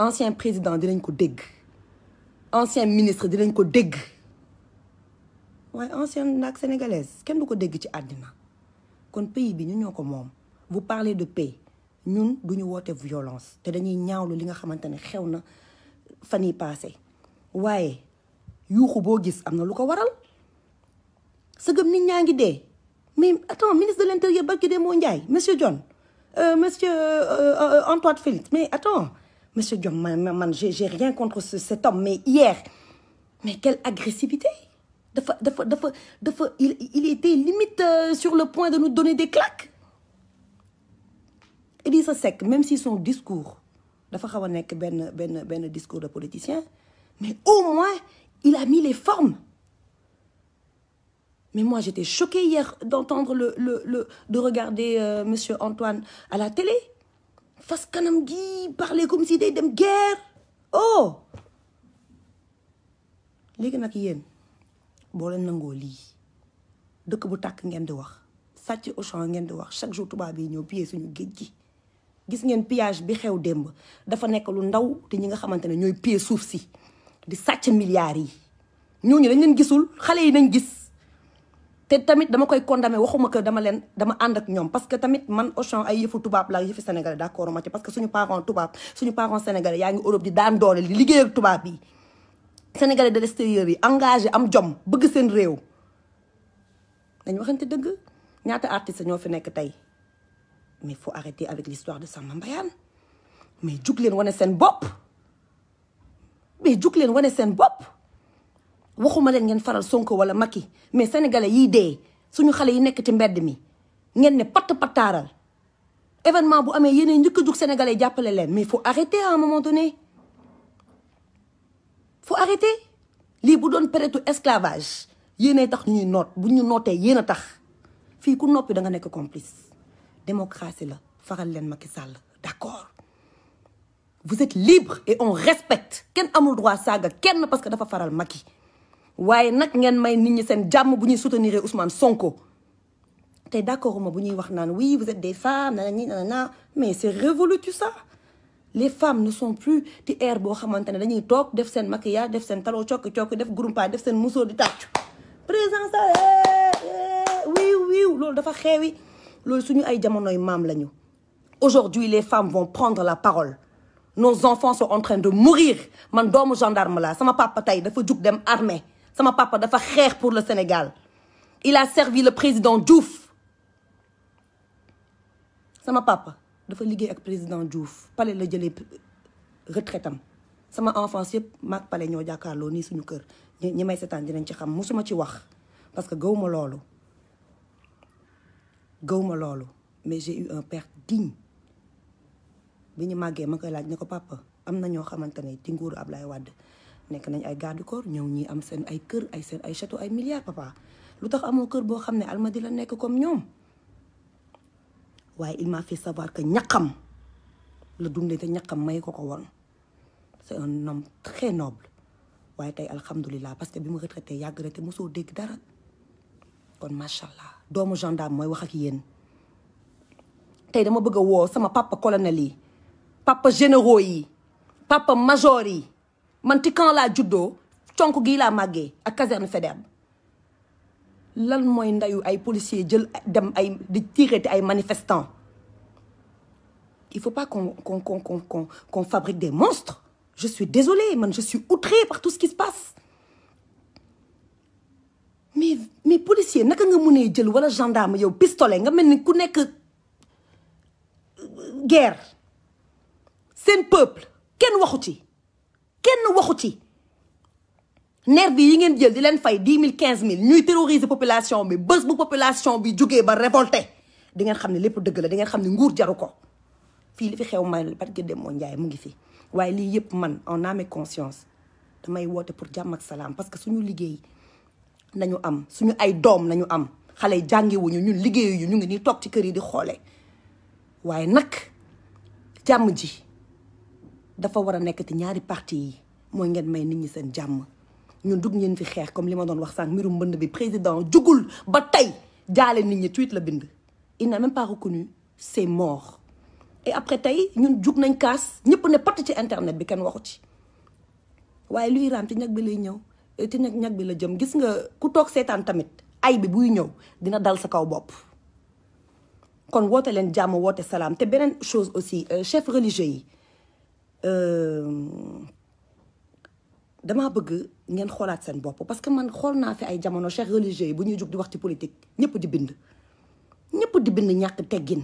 ancien président dinañ ko dégg ancien ministre dinañ ko dégg waaye ancienne nag sénégalaise kenn du ko dégg ci àddina kon pays bi ñu ñoo ko moom vous parlez de paix ñun du ñu woote violence te dañuy ñaawlu li nga xamante ne xew na fan yi passé waaye yuuxu boo gis am na lu ko waral sëgëm nit ñaa ngi dee mais attends ministre de l'intérieur barki de moo Ndiaye monsieur John euh, monsieur euh, euh, Antoine Félix mais attends monsieur Diom man man j'ai rien contre cet homme mais hier mais quelle agressivité dafa dafa dafa dafa il il était limite euh, sur le point de nous donner des claques Idrissa Seck même si son discours dafa xaw a nekk benn benn benn discours de politicien mais au moins il a mis les formes mais moi j'étais choquée hier d'entendre le le le de regarder euh, monsieur Antoine à la télé fas kanam gi parler comme si day dem guerre oh léegi nag yéen boo leen nangoo lii dëkk bu tàkk ngeen di wax sàcc Auchan ngeen di wax chaque jour tubaab yi ñëw pillé suñu géej gi gis ngeen pillage bi xew démb dafa nekk lu ndaw te ñi nga xamante ne ñooy pillé suuf si di sàcc milliards yi ñooñu dañ leen gisul xale yi nañ gis te tamit dama koy condamné waxuma que dama leen dama ànd ak ñoom parce que tamit man Auchan ay yëfu tubaab la yëfu sénégalais d'accord ma ci parce que suñu parent tubaab suñu parent sénégalais yaa ngi Europe di daan doole di liggéey ak tubaab yi sénégalais de l'extérieur yi engagé am jom bëgg seen réew dañ te dëgg ñaata artiste ñoo fi nekk tey mais faut arrêter avec l'histoire de Samba Mbayaan mais jug leen wane seen bopp mais jug leen wane seen bopp waxuma leen ngeen faral sonk wala Macky mais sénégalais yiy dee suñu xale yi nekk ci mbedd mi ngeen ne patt pattaaral événement bu amee yéenay njëkk a jug sénégalais jàppale leen mais fu arrêter à un moment donné faut arrêter lii bu doon pérétu esclavage yéenay tax ñuy noot bu ñu nootee yéen a tax fii ku noppi da nga nekk complice démocratie la faral leen Macky Sall d'accord vous êtes libre et on respecte kenn amul droit saaga kenn parce que dafa faral Macky waaye nag ngeen may nit ñi seen jàmm bu ñuy soutenir Ousmane Sonko te d'accord ma bu ñuy wax naan oui vous êtes des femmes nanani nanana mais c'est révolu tout ça les femmes ne sont plus ci air boo xamante ne dañuy toog def seen maquillage def seen taloo cokki cokki def groupe def seen musóor di tàccu présence wiiw wiiw loolu dafa xeewi loolu suñu ay jamonoy maam la ñu aujourd'hui les femmes vont prendre la parole nos enfants sont en train de man doomu gendarme la sama papa tey dafa jug dem armée sama papa dafa xeex pour le Sénégal il a servi le président Diouf sama papa dafa liggéey ak président Diouf pale la jëlee retraitam sama enfance yëpp maag pale ñoo jàkkaarloo nii suñu kër ñi may setaan dinañ ci xam suma ci wax parce que gawma loolu gawma loolu mais j'ai eu un père digne bi ñu màggee ma koy laaj ne ko papa am na ñoo xamante ne ci ab Ablaye Wade nekk nañ ay garde corps ñëw ñi am seen ay kër ay seen ay château ay milliards papa lu tax amoo kër boo xam ne di la nekk comme ñoom waaye il m'a fait savoir que ñaqam la dundee te ñaqam may ko ko woon c'est un homme très noble waaye tey alhamdulilah parce que bi mu retraité yàgg na te mosoo dégg dara kon macha allah doomu gendarme mooy wax ak yéen tey dama bëgg a woo sama papa colonel yi papa généraux yi papa major yi. man ti camp laa juddoo conk gii laa màggee ak caserne Faidherbe lan mooy ndayu ay policier jël dem ay di tirer ay manifestants il faut pas qu'on qu'on qu'on qu'on fabrique des monstres je suis désolée man je suis outrée par tout ce qui se passe mais mais policier naka nga mënee jël wala gendarme yow pistolet nga mel ni ku nekk euh, guerre seen peuple kenn waxu ci kenn waxu ci nervi yi ngeen jël di leen fay dix mille quinze mille ñuy terroriser population bi bës bu population bi jógee ba révolté di ngeen xam ne lépp dëgg la di ngeen xam ne nguur jaru ko fii li fi xew ma barke dem moo njaay mu ngi fi waaye lii yëpp man en âme et conscience damay woote pour jàmm ak salaam parce que suñu liggéey nañu am suñu ay doom nañu am xale yi jàngiwuñu ñun liggéeyuñu ñu ngi nii toog ci kër yi di xoole waaye nag jàmm ji dafa war a nekk ci ñaari parti yi mooy ngeen may nit ñi seen jàmm ñun dugg ngeen fi xeex comme li ma doon wax sànq mbirum mbënn bi président jugul ba tey jaale nit ñi tweet la bind il n'a même pas reconnu ses morts après tey ñun jug nañ kaas ñëpp ne patt ci internet bi kenn waxu ci waaye luy raam ci bi lay ñëw te eh, nag ñag bi la jëm gis nga ku toog seetaan tamit ay bi buy ñëw dina dal sa kaw bopp kon woote leen jàmm woote salaam te beneen chose aussi euh, chef religieux yi Euh, damaa bëgg ngeen xoolaat seen bopp parce que man xool naa fi ay jamono chef religieux yi bu ñuy jug di wax ci politique ñëpp di bind ñëpp di bind ñàkk teggin